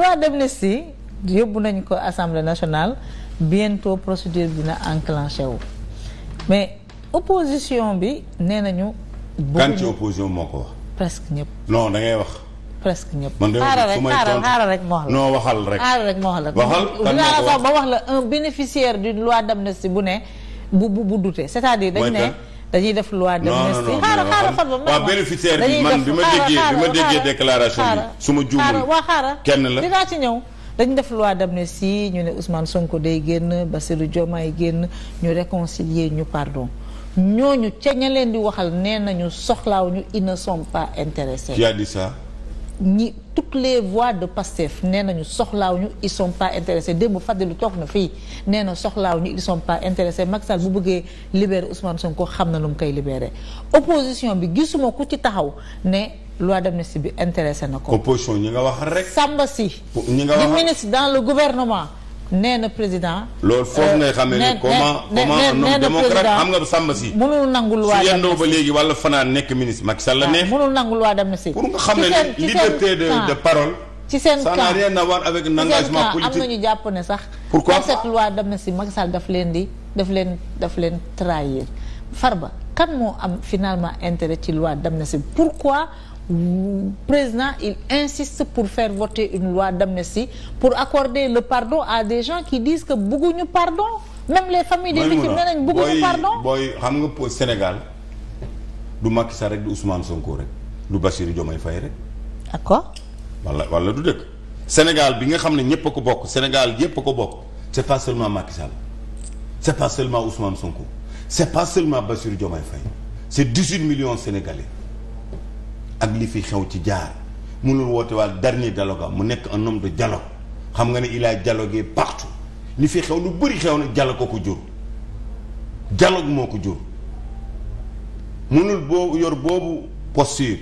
loi d'amnistie yóbbu nañ ko assemblée nationale bientôt procédure bi na enclenché wu mais opposition bi nee nañu. kan ci opposition moo ko wax. presque ñëpp. noo da ngay wax. presque ñëpp. man de xaaral rek ma wax la. non waxal rek. xaaral rek ma wax la. un bénéficiaire d'une loi d'amnistie bu ne bu bu bu c'est-à-dire dañ ne. dañuy def loi d'amnistie xaaral xaaral xol ba waaw bénéficiaire bi man bi ma déggee bi ma déggee déclaration bi su ma juumul waa xaaral kenn la dinaa ci ñëw dañu def loi d'amnistie ñu ne Ousmane Sonko day génn Bassirou yi génn ñu réconcilier ñu pardon ñooñu ca ña leen di waxal nee nañu soxlaaw ñu ils ne sont pas intéressés. qui a ñi toutes les voix de Pastef nee nañu soxlaaw ñu ils sont pas intéressés démb Fadilou toog na fii nee na soxlaaw ñu ils sont pas intéressés Macky Sall bu bëggee libérer Ousmane Sonko xam na lu mu koy libérer opposition bi gisuma ku ci taxaw ne loi si bi intéressé na ko. opposition ñi nga wax rek. Samba si. ñi nga wax di ministre dans le gouvernement. nee na président. loolu foofu euh, ngay xamee ne comment comment un homme démocrate xam nga sàmm si. mënul nangul waa dem si yendoo ba léegi wala fanaan nekk ministre Macky Sall la ah, ne. mënul nangul waa dem si. pour xam ne liberté de de ci seen cas ça n'a rien à voir avec un engagement politique am na ñu jàpp ne sax. pourquoi pas cette loi d'amnistie Macky Sall daf leen di daf leen daf leen trahir Farba kan moo am finalement intérêt ci loi d'amnistie pourquoi président il insiste pour faire voter une loi d'amnistie pour accorder le pardon à des gens qui disent que bëgguñu pardon même les familles des victimes nee nañ bëgguñu pardon booy xam nga po Sénégal du Macky rek du Ousmane Sonko rek du Bassirou Diomaye Faye rek d'accord wala wala du dëkk Sénégal bi nga xam ne ñëpp a ko bokk Sénégal yëpp a ko bokk c'est pas seulement Macky Sall c'est pas seulement Ousmane Sonko c'est pas seulement Bassirou Diomaye Faye c'est 18 millions Sénégalais ak li fi xew ci jaar mënul woote waa dernier dialogue mu nekk un homme de dialogue xam nga ne il a dialogué partout li fi xew lu bëri xew na dialogue ko ko jur dialogue moo ko jur mënul boobu yor boobu posture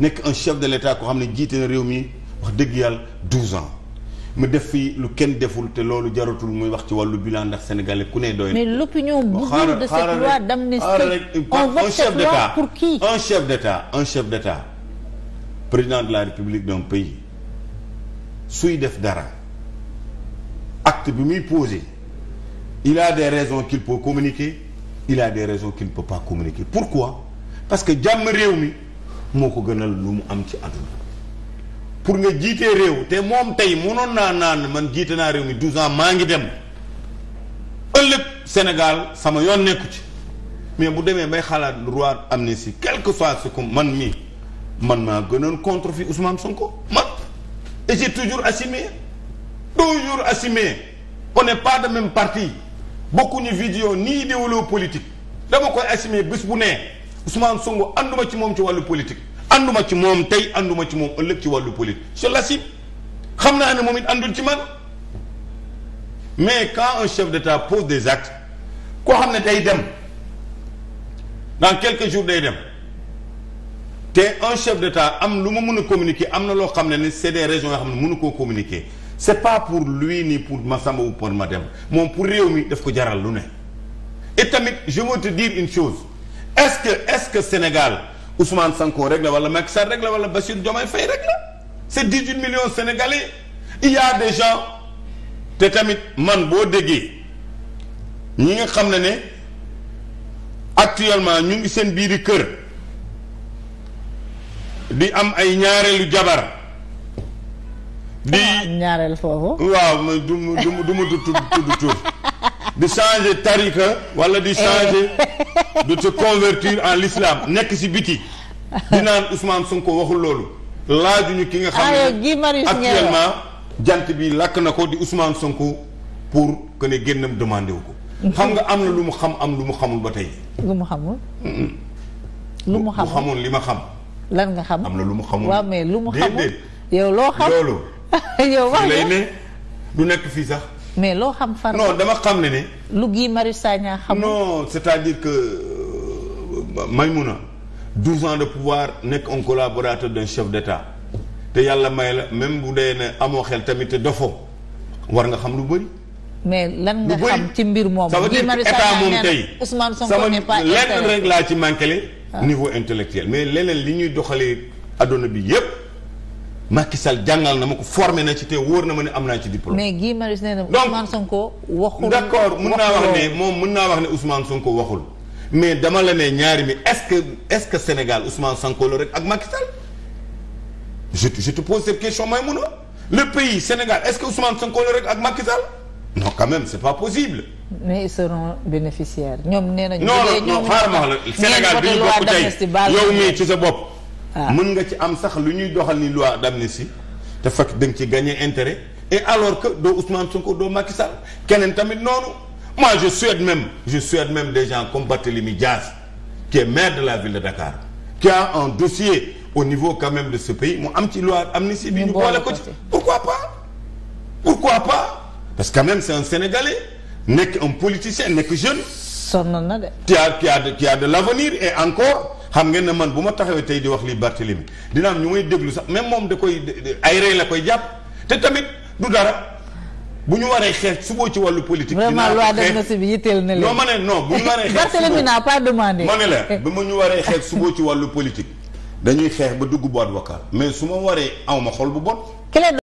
nekk un chef de l'État ko xam ne jiite na réew mi wax dëgg yàlla douze ans mu def fii lu kenn deful te loolu jaratul muy wax ci wàllu bilan ndax sénégalais ku ne doy na. mais l'opinion bouillonne de cette loi d'amnistie. on pour un chef d'État un chef d'État un chef président de la république d'un pays suy def dara acte bi muy posé il a des raisons qu'il peut communiquer il des raisons qu'il ne peut pas pourquoi parce que jàmm réew mi moo ko gënal lu mu am ci àdduna pour nga jiitee réew te moom tey mënoon naa naan man jiite naa réew mi 12 ans maa ngi dem ëllëg Sénégal sama yoon nekku ci mais bu demee bay xalaat droit amnistie quel que soit ce que man mii man maa gënoon contre fi Ousmane Sonko man et j'ai toujours assumé toujours assumé on n'est par de même partie bokkuñu vision ni idéologie politique dama koy assumé bés bu ne Ousmane Sonko ànduma ci moom ci wàllu politique ànduma ci moom tey ànduma ci moom ëllëg ci wàllu politique je l'assume xam naa ne moom it àndul ci man mais quand un chef d'État pose des actes koo xam ne day dem dans quelques jours day dem te un chef d'État am lu ma mun a communiqué am na loo xam ne ni c'est des régions yoo xam ne mënu koo communiquer c'est pas pour lui ni pour ma Massamba ou ma dem moom pour réew mi def ko jaral lu ne et tamit je te dire une chose est-ce que est-ce que Sénégal Ousmane Sonko rek la wala Macky Sall rek la wala Bassirou Diomaye Faye rek la c'est 18 millions de Sénégalais il y a des te tamit man boo déggee ñi nga xam ne ne actuellement ñu ngi seen biiri kër di am ay ñaareelu jabar di ah, ñaareel foofu waaw du du du mu tudd tur di changer tarika wala di changer eh. de se convertir en l'islam nekk si biti di naan Ousmane Sonko waxul loolu laajuñu ki nga xam ah, jant bi lakk na ko di Ousmane Sonko pour que ne génnam wu ko xam nga am na lu mu xam am lu mu xamul ba tey lu mu xamul lu mu xamul li ma xam lan nga xam am na lu mu xamul waaw mais lu mu xamul yow loo xam loolu yow wax lay ne du nekk fii sax mais loo xam far non dama xam ne ne lu mari saa Sagna xamul non c'est-à-dire que euh, Maïmouna douze ans de pouvoir nekk un collaborateur d'un chef d'État te yàlla may la même bu dee ne amoo xel tamit te dofoo war nga xam lu bëri mais lan nga xam ci mbir moom Guy Marius Sagna nee na Ousmane Sonko n'est pas lenn rek laa ci manqué Ah. niveau intellectuel mais leneen li ñuy doxalee adduna bi yépp Macky Sall jàngal na ma ko forme na ci te wóor na ma ne am naa ci diplôme. mais Guy Marius nee na Ousmane Sonko waxul d'accord mun naa wax ne moom mun naa wax ne Ousmane Sonko waxul mais dama la ne ñaari mi est-ce que est-ce que Sénégal Ousmane Sonko la rek ak Macky Sall je te je te pose question mooy mun le pays Sénégal est-ce que Ousmane Sonko rek ak Macky non quand même c'est pas possible. mais ils seront bénéficiaires ñoom nee nañu. non non xaaral ma wax la Sénégal bi ñu bokk tey yow mii ci sa bopp. Ah. mën nga ci am sax lu ñuy doxal ni loi d'amnistie te fekk da ci gagner intérêt et alors que doo Ousmane Sonko doo Macky keneen tamit noonu moi je souhaite même je souhaite même des gens comme Barthélémy Diaz qui est maire de la ville de Dakar qui a un dossier au niveau quand même de ce pays mu am ci loi amnistie bi ñu boole ko ci pourquoi pas parce que quand même c'est un Sénégalais nekk un politicien nekk jeune. sonnoon na de. qui a qui a de qui a de l'avenir et encore xam ngeen ne man bu ma taxawee tey di wax li Barthélemy dina am ñu may déglu sax même moom da koy ay rey la koy jàpp te tamit du dara. bu ñu waree xeex suboo ci wàllu politique. vraiment loi d'amnistie bi yitteel na leen. non ma ne non bu ñu waree xeex Barthélemy la ma ñu waree xeex suba ci wàllu politique dañuy xeex ba dugg boîte vocale mais su ma waree aw ma xol bu bon.